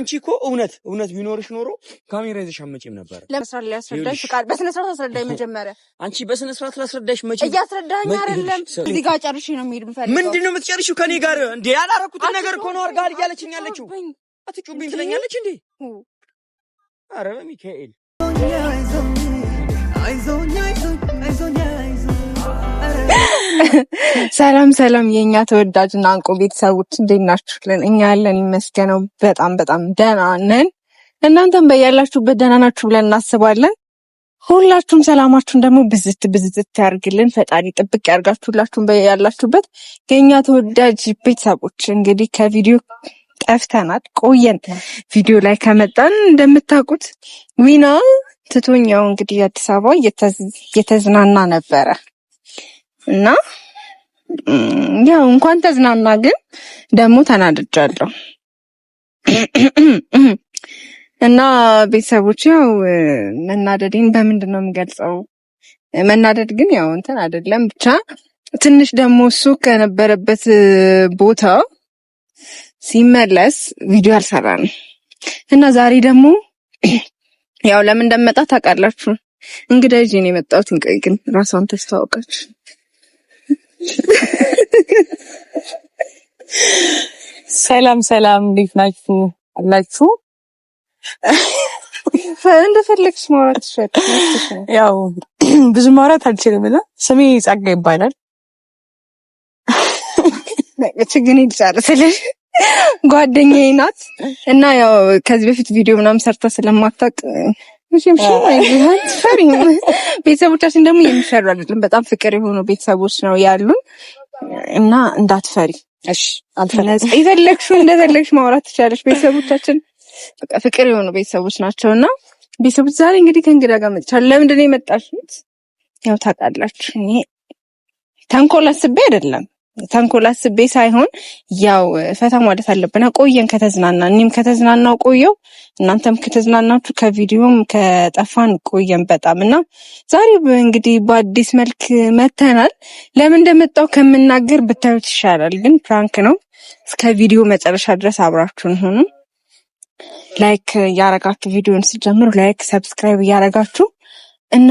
አንቺ እኮ እውነት እውነት ቢኖርሽ ኖሮ ካሜራ ይዘሽ አትመጪም ነበር። ለመስራት ሊያስረዳሽ ፍቃድ አስረዳኝ። መጀመሪያ አንቺ በስነ ላስረዳሽ መቼ እያስረዳኝ አይደለም። እዚህ ጋር ጨርሼ ነው የምሄድ። የምፈልገው ምንድን ነው የምትጨርሺው? ከኔ ጋር እንዴ ያላረኩትን ነገር እኮ ነው አድርገሃል እያለችኝ ያለችው። አትጩብኝ ትለኛለች እንዴ? አረ በሚካኤል አይዞኝ አይዞኝ ሰላም ሰላም፣ የእኛ ተወዳጅና አንቆ ቤተሰቦች እንዴት ናችሁልን? እኛ ያለን ይመስገነው በጣም በጣም ደህና ነን። እናንተም በያላችሁበት ደህና ናችሁ ብለን እናስባለን። ሁላችሁም ሰላማችሁን ደግሞ ብዝት ብዝት ያርግልን ፈጣሪ ጥብቅ ያርጋችሁ። ሁላችሁም በያላችሁበት የእኛ ተወዳጅ ቤተሰቦች እንግዲህ ከቪዲዮ ጠፍተናል፣ ቆየን ቪዲዮ ላይ ከመጣን እንደምታውቁት ዊና ትቶኛው እንግዲህ አዲስ አበባ እየተዝናና ነበረ እና ያው እንኳን ተዝናና፣ ግን ደግሞ ተናድጃለሁ እና ቤተሰቦች ያው መናደዴን በምንድን ነው የሚገልጸው? መናደድ ግን ያው እንትን አይደለም ብቻ ትንሽ ደግሞ እሱ ከነበረበት ቦታ ሲመለስ ቪዲዮ አልሰራንም እና ዛሬ ደግሞ ያው ለምን እንደመጣ ታውቃላችሁ። እንግዳ ይዤ ነው የመጣሁት። ራሷን ተስተዋወቀች። ሰላም ሰላም፣ እንዴት ናችሁ አላችሁ? እንደፈለግሽ ማውራት ትችላለሽ። ያው ብዙ ማውራት አልችልም እና ስሜ ጸጋ ይባላል። ችግን ይልጫለሽ ጓደኛዬ ናት እና ያው ከዚህ በፊት ቪዲዮ ምናምን ሰርታ ስለማታውቅ ቤተሰቦቻችን ደግሞ የሚፈሩ አይደለም። በጣም ፍቅር የሆኑ ቤተሰቦች ነው ያሉን እና እንዳትፈሪ የፈለግሽው እንደፈለግሽ ማውራት ትችላለሽ። ቤተሰቦቻችን ፍቅር የሆኑ ቤተሰቦች ናቸው እና ቤተሰቦች ዛሬ እንግዲህ ከእንግዳ ጋር መጥቻለሁ። ለምንድን ነው የመጣችሁት? ያው ታውቃላችሁ እኔ ተንኮል አስቤ አይደለም ተንኮል አስቤ ሳይሆን ያው ፈታ ማለት አለብና ቆየን። ከተዝናና እኔም ከተዝናናው ቆየው እናንተም ከተዝናናችሁ ከቪዲዮም ከጠፋን ቆየን በጣም እና ዛሬ እንግዲህ በአዲስ መልክ መተናል። ለምን እንደመጣው ከምናገር ብታዩት ይሻላል፣ ግን ፕራንክ ነው። እስከ ቪዲዮ መጨረሻ ድረስ አብራችሁን ሁኑ። ላይክ እያረጋችሁ ቪዲዮን ስጀምሩ ላይክ ሰብስክራይብ እያረጋችሁ እና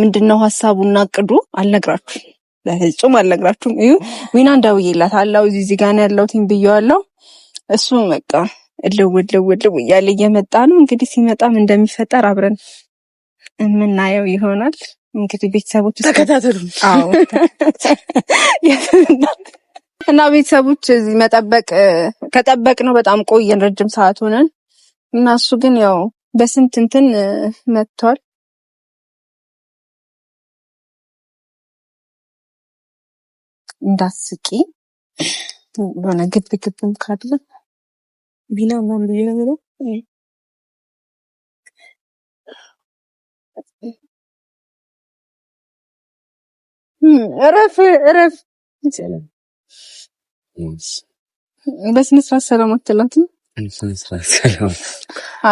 ምንድነው ሀሳቡና አቅዱ አልነግራችሁም በፍጹም አልነግራችሁም። እዩ ዊና እንደውዬላት አለው እዚህ እዚህ ጋር ነው ያለሁት ብዬዋለሁ። እሱ በቃ እልው እልው እልው እያለ እየመጣ ነው። እንግዲህ ሲመጣም እንደሚፈጠር አብረን የምናየው ይሆናል። እንግዲህ ቤተሰቦች ተከታተሉ። አዎ እና ቤተሰቦች እዚህ መጠበቅ ከጠበቅ ነው በጣም ቆየን፣ ረጅም ሰዓት ሆነን እና እሱ ግን ያው በስንት እንትን መጥቷል። እንዳስቂ የሆነ ግብ ግብም ካለ ቢና ምናምን ብዬ ነው የምለው። እረፍ እረፍ። በስነ ስርዓት ሰላም አትላትም?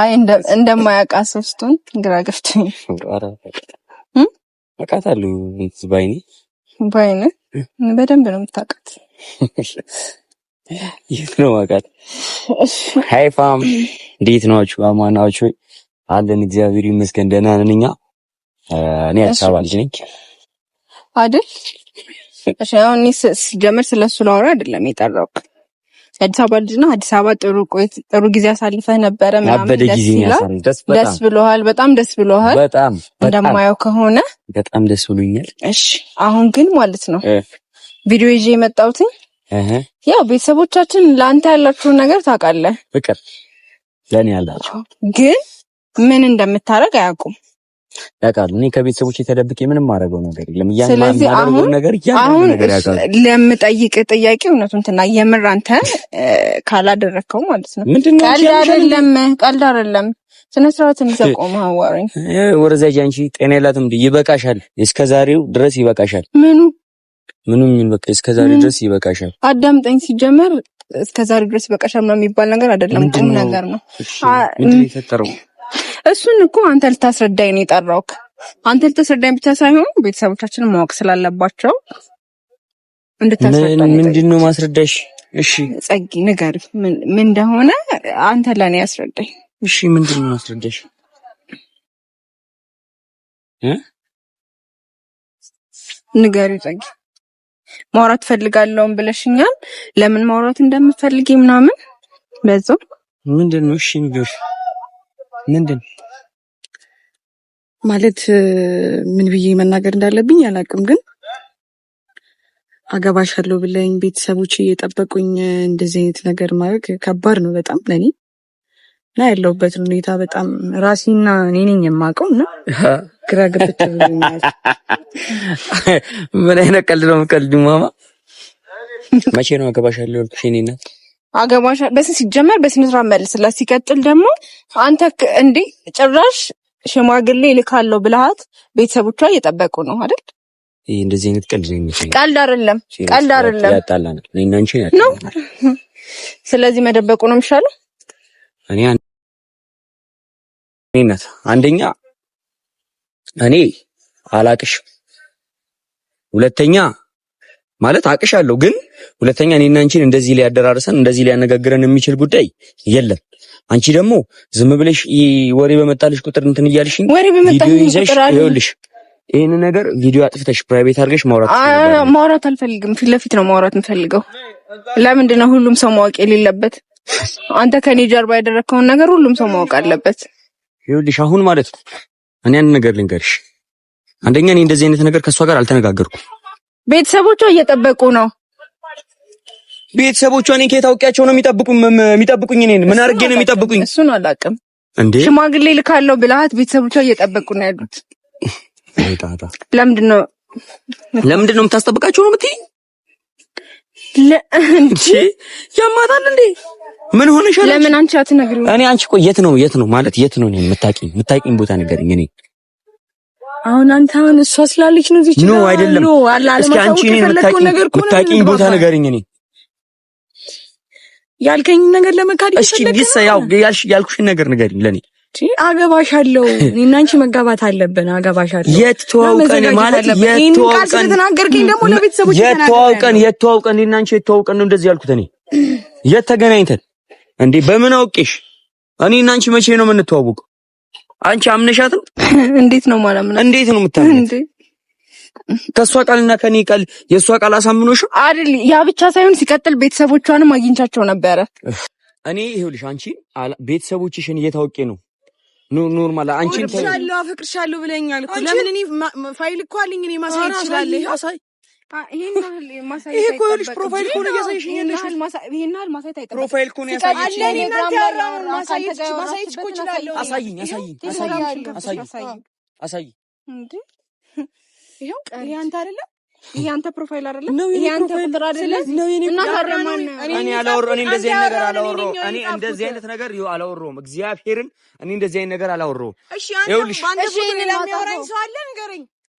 አይ እንደማያውቃ ሶስቱን ግራ ገብቶኝ አቃታሉ ባይኔ ባይነ በደንብ ነው የምታውቃት። ይህ ነው ማውቃት። ሀይ ፋም እንዴት ናችሁ? አማናዎች ወይ አለን። እግዚአብሔር ይመስገን ደህና ነን እኛ። እኔ አዲስ አበባ ልጅ ነኝ አይደል? እሺ አሁን እኔ ስጀምር ስለሱ ላወራ አይደለም የጠራው አዲስ አበባ ልጅ ነው። አዲስ አበባ ጥሩ ቆይት ጥሩ ጊዜ አሳልፈህ ነበረ ምናምን። ደስ ብሎሃል? በጣም ደስ ብሎሃል? በጣም እንደማየው ከሆነ በጣም ደስ ብሎኛል። እሺ አሁን ግን ማለት ነው ቪዲዮ ይዤ የመጣሁትኝ ያው ቤተሰቦቻችን ለአንተ ያላችሁን ነገር ታውቃለህ፣ ፍቅር ለእኔ ያላቸው ግን ምን እንደምታደርግ አያውቁም። ያውቃሉ። እኔ ከቤተሰቦች የተደብቄ ምንም አደረገው ነገር የለም። ስለዚህ አሁን አሁን ለምጠይቅ ጥያቄ እውነቱን እንትና የምር አንተ ካላደረግከው ማለት ነው ቀልድ አይደለም፣ ቀልድ አይደለም ስነ ስርዓት እንዘቆም አዋሪኝ ወረዛ ጃንቺ ጤና የላትም እንዴ? ይበቃሻል። እስከ ዛሬው ድረስ ይበቃሻል። ምኑ ምኑ ምን በቃ እስከ ዛሬ ድረስ ይበቃሻል። አዳምጠኝ። ሲጀመር እስከ ዛሬ ድረስ ይበቃሻል ምናምን የሚባል ነገር አይደለም፣ ቁም ነገር ነው። እሱን እኮ አንተ ልታስረዳኝ ነው የጠራሁት። አንተ ልታስረዳኝ ብቻ ሳይሆን ቤተሰቦቻችንን ማወቅ ስላለባቸው እንድታስረዳኝ። ምንድን ነው ማስረዳሽ? እሺ ጸጊ፣ ንገሪ ምን እንደሆነ አንተ ለኔ ያስረዳኝ እሺ ምንድን ነው የማስረዳሽ? ንገሪው ማውራት ፈልጋለሁም ብለሽኛል። ለምን ማውራት እንደምትፈልጊ ምናምን በዛው ምንድን ነው እሺ ንገሪው። ምንድን ማለት ምን ብዬ መናገር እንዳለብኝ አላውቅም፣ ግን አገባሻለሁ ብለኝ ቤተሰቦች እየጠበቁኝ እንደዚህ አይነት ነገር ማድረግ ከባድ ነው በጣም ለኔ። እና ያለውበትን ሁኔታ በጣም ራሴና እኔ ነኝ የማውቀው እና ግራ ገብቶ ምን አይነት ቀልድ ነው ቀልድ ማማ መቼ ነው አገባሻለሁ ያልኩሽ? እኔ እናት አገባሽ በስ ሲጀመር በስነ ስርዓት መልስላት። ሲቀጥል ደግሞ አንተ እንዴ ጭራሽ ሽማግሌ ልካለው ብልሃት ቤተሰቦቿ እየጠበቁ ነው አይደል? ይሄ እንደዚህ አይነት ቀልድ ነው። ቀልድ አይደለም፣ ቀልድ አይደለም። ያጣላናል ነው። ስለዚህ መደበቁ ነው የሚሻለው እኔ ናት። አንደኛ እኔ አላቅሽ፣ ሁለተኛ ማለት አለው ግን ሁለተኛ እኔና አንቺን እንደዚህ ሊያደራርሰን እንደዚህ ሊያነጋግረን የሚችል ጉዳይ የለም። አንቺ ደግሞ ዝም ብለሽ ወሬ በመጣልሽ ቁጥር እንትን እያልሽኝ ወሬ በመጣልሽ ቁጥር ይኸውልሽ ይህን ነገር ቪዲዮ አጥፍተሽ ፕራይቬት አድርገሽ ማውራት ማውራት አልፈልግም። ፊት ለፊት ነው ማውራት የምፈልገው። ለምንድን ነው ሁሉም ሰው ማወቅ የሌለበት? አንተ ከኔ ጀርባ ያደረግከውን ነገር ሁሉም ሰው ማወቅ አለበት። ይኸውልሽ አሁን ማለት ነው እኔ አንድ ነገር ልንገርሽ። አንደኛ እኔ እንደዚህ አይነት ነገር ከእሷ ጋር አልተነጋገርኩም። ቤተሰቦቿ እየጠበቁ ነው። ቤተሰቦቿ እኔን ከየት አውቂያቸው ነው የሚጠብቁኝ? የሚጠብቁኝ እኔን ምን አድርጌ ነው የሚጠብቁኝ? እሱን አላውቅም እንዴ። ሽማግሌ ልካለው ብልሃት ቤተሰቦቿ እየጠበቁ ነው ያሉት። ለምንድን ነው ለምንድን ነው የምታስጠብቃቸው ነው የምትይኝ? ያማታል እንዴ ምን ሆነሻል? ለምን አንቺ አትነግሪው? እኔ አንቺ ቆይ የት ነው የት ነው ማለት የት ነው ነው የምታውቂኝ? የምታውቂኝ ቦታ ንገሪኝ። እኔ አሁን አንተ አሁን እሷ ስላለች ነው እዚህ ነው አይደለም። እስኪ አንቺ እኔን የምታውቂኝ ቦታ ንገሪኝ። እኔ ያልከኝ ነገር ለመካድ እስኪ ቢሰ ያው ያልኩሽን ነገር ንገሪኝ ለኔ አገባሽ አለው እኔና አንቺ መጋባት አለብን። አገባሽ አለው የተዋውቀን ማለት የተዋውቀን ተናገርከኝ። ደግሞ ለቤተሰቦች የተዋውቀን የተዋውቀን እኔና አንቺ የተዋውቀን ነው እንደዚህ ያልኩት እኔ የተገናኝተን እንዴ? በምን አውቄሽ? እኔ እና አንቺ መቼ ነው የምንተዋወቀው? አንቺ አምነሻት ነው? ማለት ነው እንዴት ነው የምታምነው? ከሷ ቃልና ከኔ ቃል የሷ ቃል አሳምኖሽ አይደል? ያ ብቻ ሳይሆን ሲቀጥል ቤተሰቦቿንም አግኝቻቸው ነበረ። እኔ ይኸውልሽ፣ አንቺ ቤተሰቦችሽን እየታወቄ ነው ኖርማል አንቺ አንቺን አፈቅርሻለሁ ብለኛል። ለምን እኔ ፋይል እኮ አለኝ እኔ ማሳየት እችላለሁ። አሳይ ይሄን ያህል ፕሮፋይል ኮን እያሳየሽ ይሄን ያህል ማሳየት ፕሮፋይል አይደለም ፕሮፋይል አይደለም ነው። ይሄ ቁጥር አይደለም ነው። እኔ እንደዚህ አይነት ነገር እኔ እንደዚህ አይነት ነገር ይኸው አላወራሁም። እግዚአብሔርን እኔ እንደዚህ አይነት ነገር አላወራሁም። ለሚያወራኝ ሰው አለ ንገረኝ።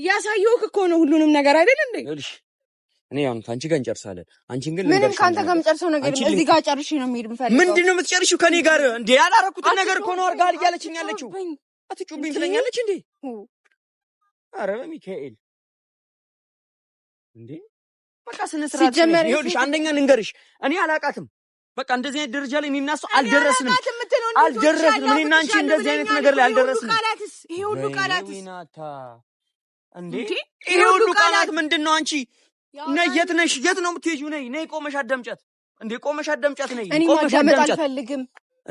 እያሳየሁህ እኮ ነው ሁሉንም ነገር አይደል እንዴ? እኔ አሁን ከአንቺ ጋር እንጨርሳለን። አንቺን ግን ምንም ከአንተ ጋር የምጨርሰው ነገር እዚህ ጋር ጨርሼ ነው የምሄድ። የምፈልገው ምንድን ነው የምትጨርሺው? ከኔ ጋር እንዴ ያላረኩትን ነገር እኮ ነው አድርጋል እያለችኝ ያለችው። አትጩብኝ ትለኛለች እንዴ? አረ በሚካኤል እንዴ በቃ ስነ ስርዓት ይኸውልሽ፣ አንደኛ ልንገርሽ፣ እኔ አላቃትም። በቃ እንደዚህ አይነት ደረጃ ላይ እኔ እሱ አልደረስንም፣ አልደረስንም። እኔና አንቺ እንደዚህ አይነት ነገር ላይ አልደረስንም። ይሄ ሁሉ ቃላትስ ይሄ ሁሉ ቃላትስ እንዴ ይሄ ሁሉ ቃላት ምንድን ነው? አንቺ ነይ፣ የት ነሽ? የት ነው የምትሄጂው? ነይ ነይ፣ ቆመሽ አዳምጫት። እንዴ ቆመሽ አዳምጫት። ነይ እኔ ማዳመጥ አልፈልግም፣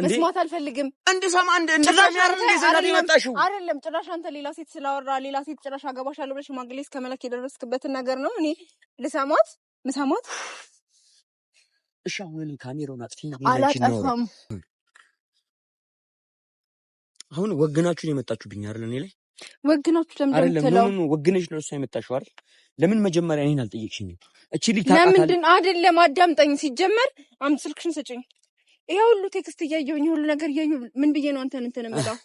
መስማት አልፈልግም። እንድሰማ እንድላሽ አር እንዴ ዘናድ ይመጣሽው አይደለም። ጭራሽ አንተ ሌላ ሴት ስላወራ ሌላ ሴት ጭራሽ አገባሻለሁ ብለሽ ሽማግሌ እስከ መላክ የደረስክበትን ነገር ነው እኔ ልሰማት ምሰማት። እሺ አሁን ካሜራውን አጥፊ። አላጠፋም። አሁን ወግናችሁን የመጣችሁብኝ አይደል እኔ ላይ ወግናችሁ ለምን ወግነሽ ነው ለእሷ የመጣሽው አይደል? ለምን መጀመሪያ እኔን አልጠየቅሽኝ? እቺ ልጅ ለምንድን አይደለም አዳምጠኝ። ሲጀመር አም ስልክሽን ስጭኝ። ይሄ ሁሉ ቴክስት እያየሁኝ ሁሉ ነገር እያየሁ ምን ብዬ ነው አንተን እንትን እምለው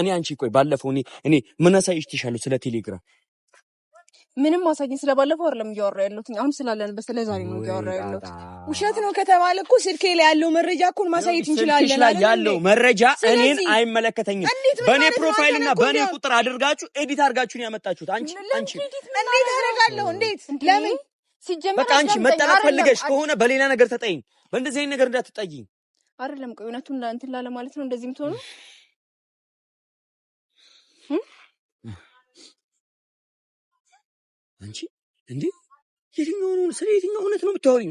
እኔ አንቺ ቆይ ባለፈው እኔ እኔ ምን አሳይሽ ትሻለሁ ስለ ቴሌግራም ምንም ማሳየን ስለባለፈው አይደለም እያወራ ያለሁት አሁን ስላለን በስለ ዛሬ ነው እያወራ ያለሁት። ውሸት ነው ከተባለ እኮ ስልኬ ላይ ያለው መረጃ እኮ ማሳየት እንችላለን። ስልክሽ ላይ ያለው መረጃ እኔን አይመለከተኝም። በእኔ ፕሮፋይል እና በእኔ ቁጥር አድርጋችሁ ኤዲት አድርጋችሁን ያመጣችሁት አንቺ አንቺ እንዴት አደርጋለሁ? እንዴት ለምን ሲጀመር በቃ አንቺ መጠላት ፈልገሽ ከሆነ በሌላ ነገር ተጠይኝ፣ በእንደዚህ አይነት ነገር እንዳትጠይኝ። አይደለም ቆይ እውነቱን እንትን ላለ ማለት ነው እንደዚህ የምትሆኑ አንቺ እንዴ የትኛው ነው? ስለ የትኛው እውነት ነው የምታወሪኝ?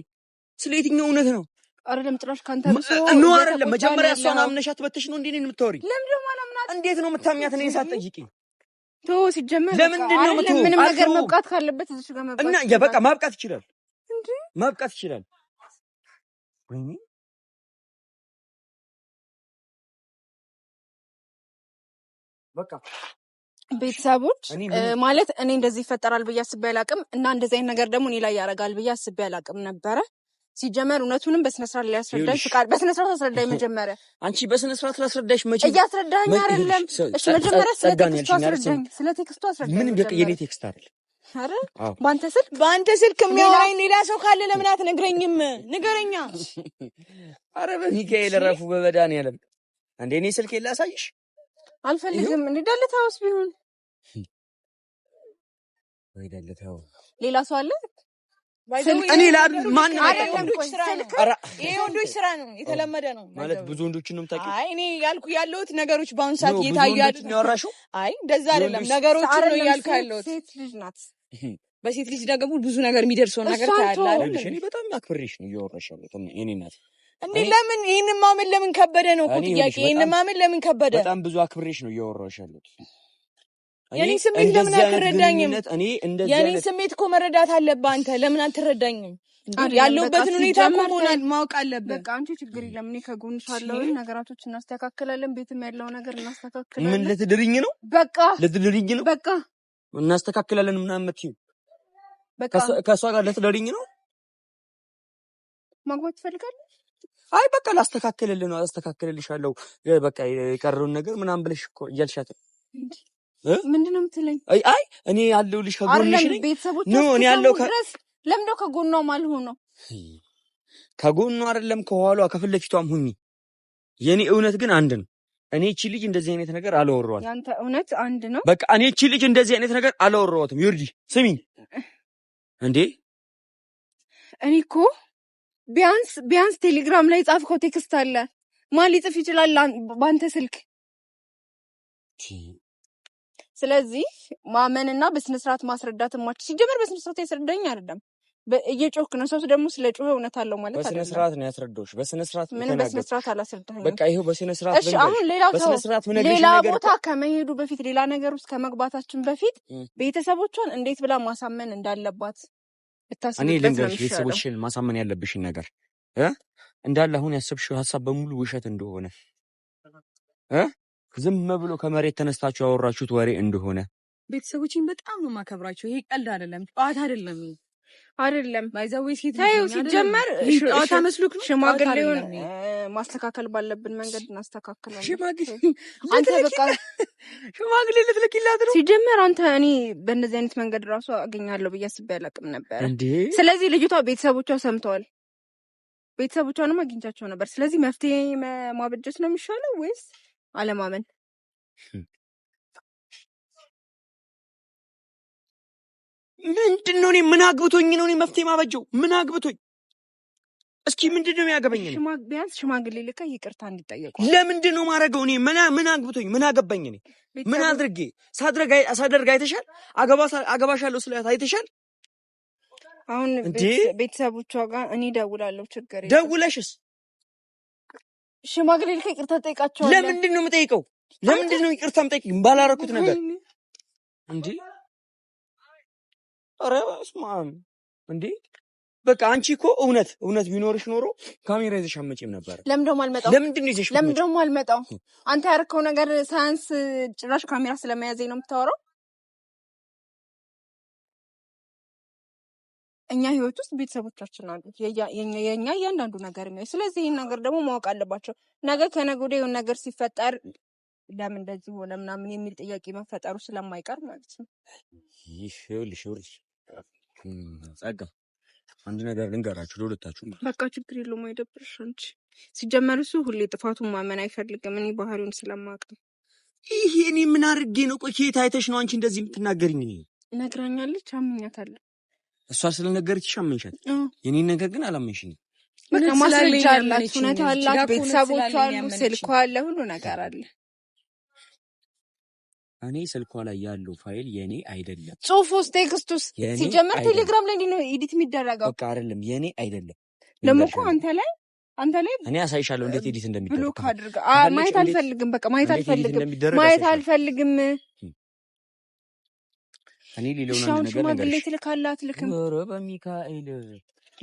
ስለ የትኛው እውነት ነው? አይደለም ጭራሽ ካንተ ነው አይደለም። መጀመሪያ እሷን አምነሻት በተሽ ነው እንዴ እኔን የምታወሪኝ? እንዴት ነው የምታምኛት? እኔን ሳትጠይቂ ቶ ሲጀመር ለምንድን ነው ምንም ነገር መብቃት ካለበት እዚህ ጋር መብቃት እና ያ በቃ ማብቃት ይችላል እንዴ ማብቃት ይችላል ወይኔ በቃ ቤተሰቦች ማለት እኔ እንደዚህ ይፈጠራል ብዬ አስቤ አላቅም እና እንደዚህ አይነት ነገር ደግሞ እኔ ላይ ያደርጋል ብዬ አስቤ አላቅም ነበረ። ሲጀመር እውነቱንም በስነስርዓት ሊያስረዳኝ ፍቃድ በስነስርዓት አስረዳኝ። መጀመሪያ አንቺ በስነስርዓት ላስረዳሽ መ እያስረዳኝ አይደለም። እሺ መጀመሪያ ስለ ቴክስቱ አስረዳኝ፣ ስለ ቴክስቱ አስረዳኝ። ምንም የኔ ቴክስት አይደል አረ በአንተ ስልክ በአንተ ስልክ የሚያወራኝ ሌላ ሰው ካለ ለምን አትነግረኝም? ንገረኛ። አረ በሚካኤል ረፉ በመድኃኒዓለም እንደ እኔ ስልክ የላሳይሽ አልፈልግም። እንዲዳለታውስ ቢሆን ሌላ ሰው አለ። እኔ የወንዶች ስራ ነው፣ የተለመደ ነው ማለት ብዙ ወንዶች ነው የምታውቂው? እኔ ያልኩ ያለሁት ነገሮች በአሁኑ ሰዓት እየታያሉ ያሉት አይ እንደዛ አይደለም ነገሮች ነው እያልኩ ያለሁት። በሴት ልጅ ደግሞ ብዙ ነገር የሚደርሰውን ነገር ታያለሽ። እኔ በጣም አክብሬሽ ነው እያወራሽ ያለሁት እኔ ናት እንዴ ለምን ይህን ማመን ለምን ከበደ ነው ጥያቄ። ይህን ማመን ለምን ከበደ? በጣም ብዙ አክብሬሽ ነው እያወራሽ ያለሁት የኔ ስሜት ለምን አትረዳኝም? የኔ ስሜት እኮ መረዳት አለብህ አንተ። ለምን አትረዳኝም? ያለሁበትን ሁኔታ ሆናል ማወቅ አለብህ። በቃ አንቺ ችግር የለም እኔ ከጎንሽ አለው። ነገራቶች እናስተካክላለን። ቤትም ያለው ነገር እናስተካክላለን። ምን ልትድርኝ ነው? በቃ ልትድርኝ ነው? በቃ እናስተካክላለን ምናምን የምትይው ከእሷ ጋር ልትድርኝ ነው? ማግባት ትፈልጋለህ? አይ በቃ ላስተካክልልህ ነው። አስተካክልልሻለሁ በቃ የቀረውን ነገር ምናምን ብለሽ እኮ እያልሻት ነው ምንድነው ነው የምትለኝ? አይ እኔ ያለው ያለሁልሽ ከጎንሽ ነኝ። እኔ ያለው ለምንድነው ከጎኗ ማልሆን ነው? ከጎኗ አይደለም ከኋሏ ከፊት ለፊቷም ሁኚ። የእኔ እውነት ግን አንድ ነው። እኔ እቺ ልጅ እንደዚህ አይነት ነገር አላወራኋትም። ያንተ እውነት አንድ ነው። በቃ እኔ እቺ ልጅ እንደዚህ አይነት ነገር አላወራኋትም። ይርዲ ስሚ እንዴ እኔ እኮ ቢያንስ ቢያንስ ቴሌግራም ላይ ጻፍከው ቴክስት አለ ማን ሊጽፍ ይችላል? በአንተ ስልክ ስለዚህ ማመንና በስነስርዓት ማስረዳት ማች ሲጀመር በስነስርዓት ያስረዳኝ አይደለም እየጮክ ነው። ሰው ደግሞ ስለ ጮኸ እውነት አለው ማለት በስነስርዓት ነው ያስረዳሁሽ። በስነስርዓት ምንም በስነስርዓት አላስረዳኸኝም። በቃ ይኸው በስነስርዓት እሺ። አሁን ሌላው ሰው ሌላ ቦታ ከመሄዱ በፊት ሌላ ነገር ውስጥ ከመግባታችን በፊት ቤተሰቦቿን እንዴት ብላ ማሳመን እንዳለባት እኔ ልንገርሽ፣ ቤተሰቦችን ማሳመን ያለብሽን ነገር እንዳለ አሁን ያሰብሽው ሀሳብ በሙሉ ውሸት እንደሆነ ዝም ብሎ ከመሬት ተነስታችሁ ያወራችሁት ወሬ እንደሆነ ቤተሰቦችን በጣም ነው ማከብራቸው። ይሄ ቀልድ አይደለም፣ ጨዋታ አይደለም አይደለም ባይዘዌ ሲታየው ሲጀመር ጨዋታ መስሉክ ነው። ሽማግሌውን ማስተካከል ባለብን መንገድ እናስተካክላለን። ሽማግሌ ልትልኪላት ነው ሲጀመር። አንተ እኔ በእንደዚህ አይነት መንገድ ራሱ አገኛለሁ ብዬ አስቤ አላቅም ነበር። ስለዚህ ልጅቷ ቤተሰቦቿ ሰምተዋል። ቤተሰቦቿንም አግኝቻቸው ነበር። ስለዚህ መፍትሄ ማበጀት ነው የሚሻለው ወይስ አለማመን ምንድን ነው? እኔ ምን አግብቶኝ ነው? እኔ መፍትሄ ማበጀው ምን አግብቶኝ? እስኪ ምንድን ነው ያገበኝ? ቢያንስ ሽማግሌ ልከህ ይቅርታ እንዲጠየቁ። ለምንድን ነው ማድረገው? እኔ ምን አግብቶኝ? ምን አገባኝ? እኔ ምን አድርጌ ሳደርግ አይተሻል? አገባሻለሁ ስለያት አይተሻል? አሁን ቤተሰቦቿ ጋር እኔ ደውላለሁ። ችግር ደውለሽስ ሽማግሌ ልከህ ይቅርታ ትጠይቃቸዋለህ። ለምንድን ነው የምጠይቀው? ለምንድን ነው ይቅርታ የምጠይቀው? ባላረኩት ነገር እንዴ! ኧረ በስመ እንዴ! በቃ አንቺ እኮ እውነት እውነት ቢኖርሽ ኖሮ ካሜራ ይዘሽ አትመጪም ነበር። ለምን ደግሞ አልመጣው? ለምንድን ነው ይዘሽ ለምን ደግሞ አልመጣው? አንተ ያደረከው ነገር ሳያንስ ጭራሽ ካሜራ ስለመያዘኝ ነው የምታወራው። እኛ ህይወት ውስጥ ቤተሰቦቻችን አሉ። የእኛ እያንዳንዱ ነገር ነው። ስለዚህ ይህን ነገር ደግሞ ማወቅ አለባቸው። ነገ ከነገ ወዲያ የሆነ ነገር ሲፈጠር ለምን እንደዚህ ሆነ ምናምን የሚል ጥያቄ መፈጠሩ ስለማይቀር ማለት ነው። ይህ ይኸውልሽ ይኸውልሽ ጸጋ አንድ ነገር ልንገራችሁ ለሁለታችሁ። በቃ ችግር የለውም አይደብርሽ አንቺ። ሲጀመር እሱ ሁሌ ጥፋቱን ማመን አይፈልግም። እኔ ባህሪውን ስለማውቅ ነው። ይሄ እኔ ምን አድርጌ ነው? ቆይ ከየት አይተሽ ነው አንቺ እንደዚህ የምትናገርኝ? ነግራኛለች፣ አምኛታለሁ እሷ ስለነገረችሽ አመንሻት። የኔን ነገር ግን አላመንሽኝም። በቃ ማስረጃ አላት፣ ሁኔታ አላት፣ ቤተሰቦቿ አሉ፣ ስልኳ አለ፣ ሁሉ ነገር አለ። እኔ ስልኳ ላይ ያለው ፋይል የኔ አይደለም። ጽሁፉስ፣ ቴክስቱስ ሲጀመር ቴሌግራም ላይ ነው ኤዲት የሚደረገው። በቃ አይደለም፣ የኔ አይደለም። ደግሞ እኮ አንተ ላይ አንተ ላይ እኔ አሳይሻለሁ እንዴት ኤዲት እንደሚደረግ ብሎክ አድርገ ማየት አልፈልግም። በቃ ማየት አልፈልግም፣ ማየት አልፈልግም እኔ ሌላውን ሽማግሌ ትልካለህ አትልክም? ኧረ በሚካኤል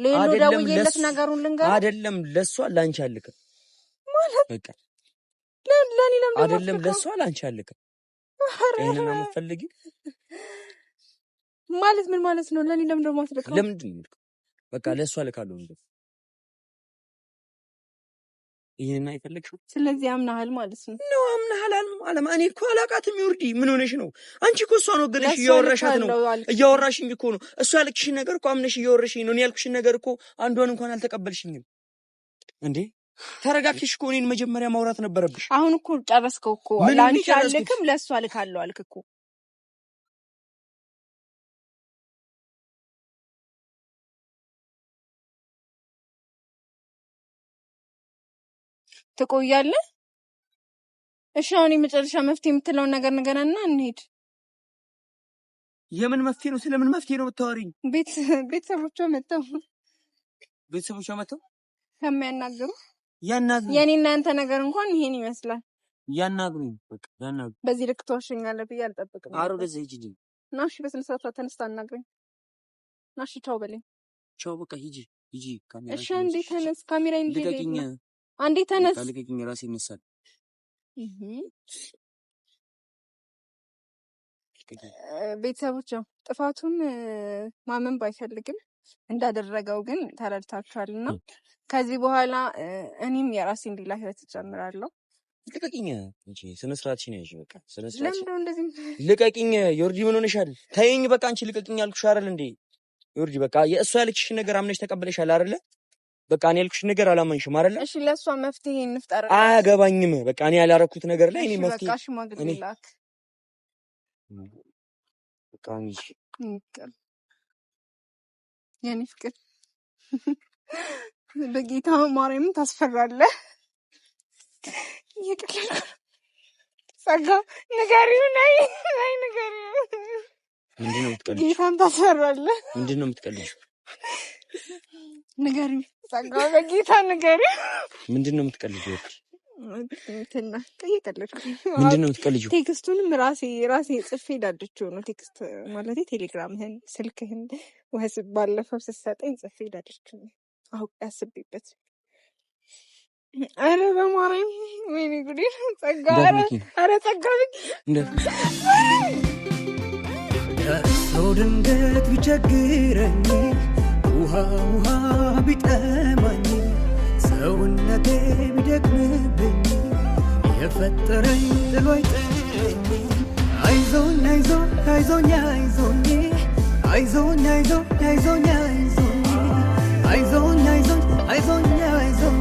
ሌሎ ደውዬለት ነገሩን ልንገር። አይደለም ለእሷ ላንቺ ማለት በቃ አይደለም ለእሷ ላንቺ ነው ማለት ምን ማለት ነው? ለኔ ለምን ደግሞ አትልክም? ለምንድን ነው በቃ ለእሷ ልካለሁ እንዴ ይህንን አይፈልግሽም። ስለዚህ አምናሃል ማለት ነው? ነው አምናሃል አለም። እኔ እኮ አላቃትም። ይውርዲ ምን ሆነሽ ነው አንቺ? እኮ እሷን ወገደሽ እያወራሻት ነው፣ እያወራሽኝ እኮ ነው። እሷ ያልክሽን ነገር እኮ አምነሽ እያወረሽኝ ነው። እኔ ያልኩሽን ነገር እኮ አንዷን እንኳን አልተቀበልሽኝም እንዴ። ተረጋግተሽ እኮ እኔን መጀመሪያ ማውራት ነበረብሽ። አሁን እኮ ጨረስከው እኮ። ለአንቺ አልክም፣ ለእሷ ልካለሁ አልክ እኮ ትቆያለህ? እሺ አሁን የመጨረሻ መፍትሄ የምትለውን ነገር ንገረና እንሄድ። የምን መፍትሄ ነው? ስለምን መፍትሄ ነው የምታወሪኝ? ቤተሰቦቿ መጥተው ቤተሰቦቿ መጥተው ከሚያናግሩ ያናግሩ። የኔና ያንተ ነገር እንኳን ይሄን ይመስላል። ያናግሩ በቃ ያናግሩ። በዚህ ልክ ተዋሸኛለህ ብዬ አልጠብቅም። አሩ ደዘ ሂጂ ና እሺ። በስነ ስርዓት ተነስታ አናግረኝ ና እሺ። ቻው በለኝ ቻው። በቃ ሂጂ ሂጂ። ካሜራ እሺ። እንዴ ተነስ ካሜራ እንዴ አንዴ ተነስ። ልቀቂኝ፣ ራስ ይነሳል። ቤተሰቦች ጥፋቱን ማመን ባይፈልግም እንዳደረገው ግን ተረድታችኋል እና ከዚህ በኋላ እኔም የራሴን ሌላ ህይወት እጀምራለሁ። ልቀቂኝ፣ ስነ ስርዓትሽን ያዥ። በቃ ስነ ስርዓትሽን ልቀቂኝ። ዮርጂ ምን ሆነሻል? ተይኝ በቃ። አንቺ ልቀቂኝ አልኩሽ አይደል እንዴ? ዮርጂ በቃ የእሷ ያለችሽን ነገር አምነሽ ተቀበለሻል አይደለ? በቃ እኔ ያልኩሽ ነገር አላመንሽም አይደለ? እሺ፣ ለእሷ መፍትሄ እንፍጠር። አያገባኝም። በቃ እኔ ያላረኩት ነገር ላይ እኔ መፍትሄ የኔ ፍቅር በጌታ ማርያምን ታስፈራለህ። ጸጋ ንገሪው ናይ ናይ ንገሪው ምንድን ነው የምትቀልጂው? ጌታን ታስፈራለህ። ምንድን ነው የምትቀልጂው? ንገሪው ጸጋው በጌታ ንገሪ። ምንድን ነው የምትቀልጂው? ምንድን ነው የምትቀልጂው? ቴክስቱንም ራሴ ራሴ ጽፌ ዳድቼው ነው። ቴክስት ማለት ቴሌግራምህን፣ ስልክህን ወህስ ባለፈው ስትሰጠኝ ጽፌ ዳድቼው ነው። አውቄ አስቤበት። አረ በማርያም ወይኔ ጉዴ! ጸጋ አረ ጸጋ ድንገት ቢቸግረኝ ውሃ ውሃ ቢጠማኝ ሰውነቴ ቢደክምብኝ የፈጠረኝ ጥሎ አይጥለኝ። አይዞኝ አይዞኝ አይዞኝ አይዞኝ አይዞኝ አይዞኝ አይዞኝ አይዞኝ አይዞኝ አይዞኝ አይዞኝ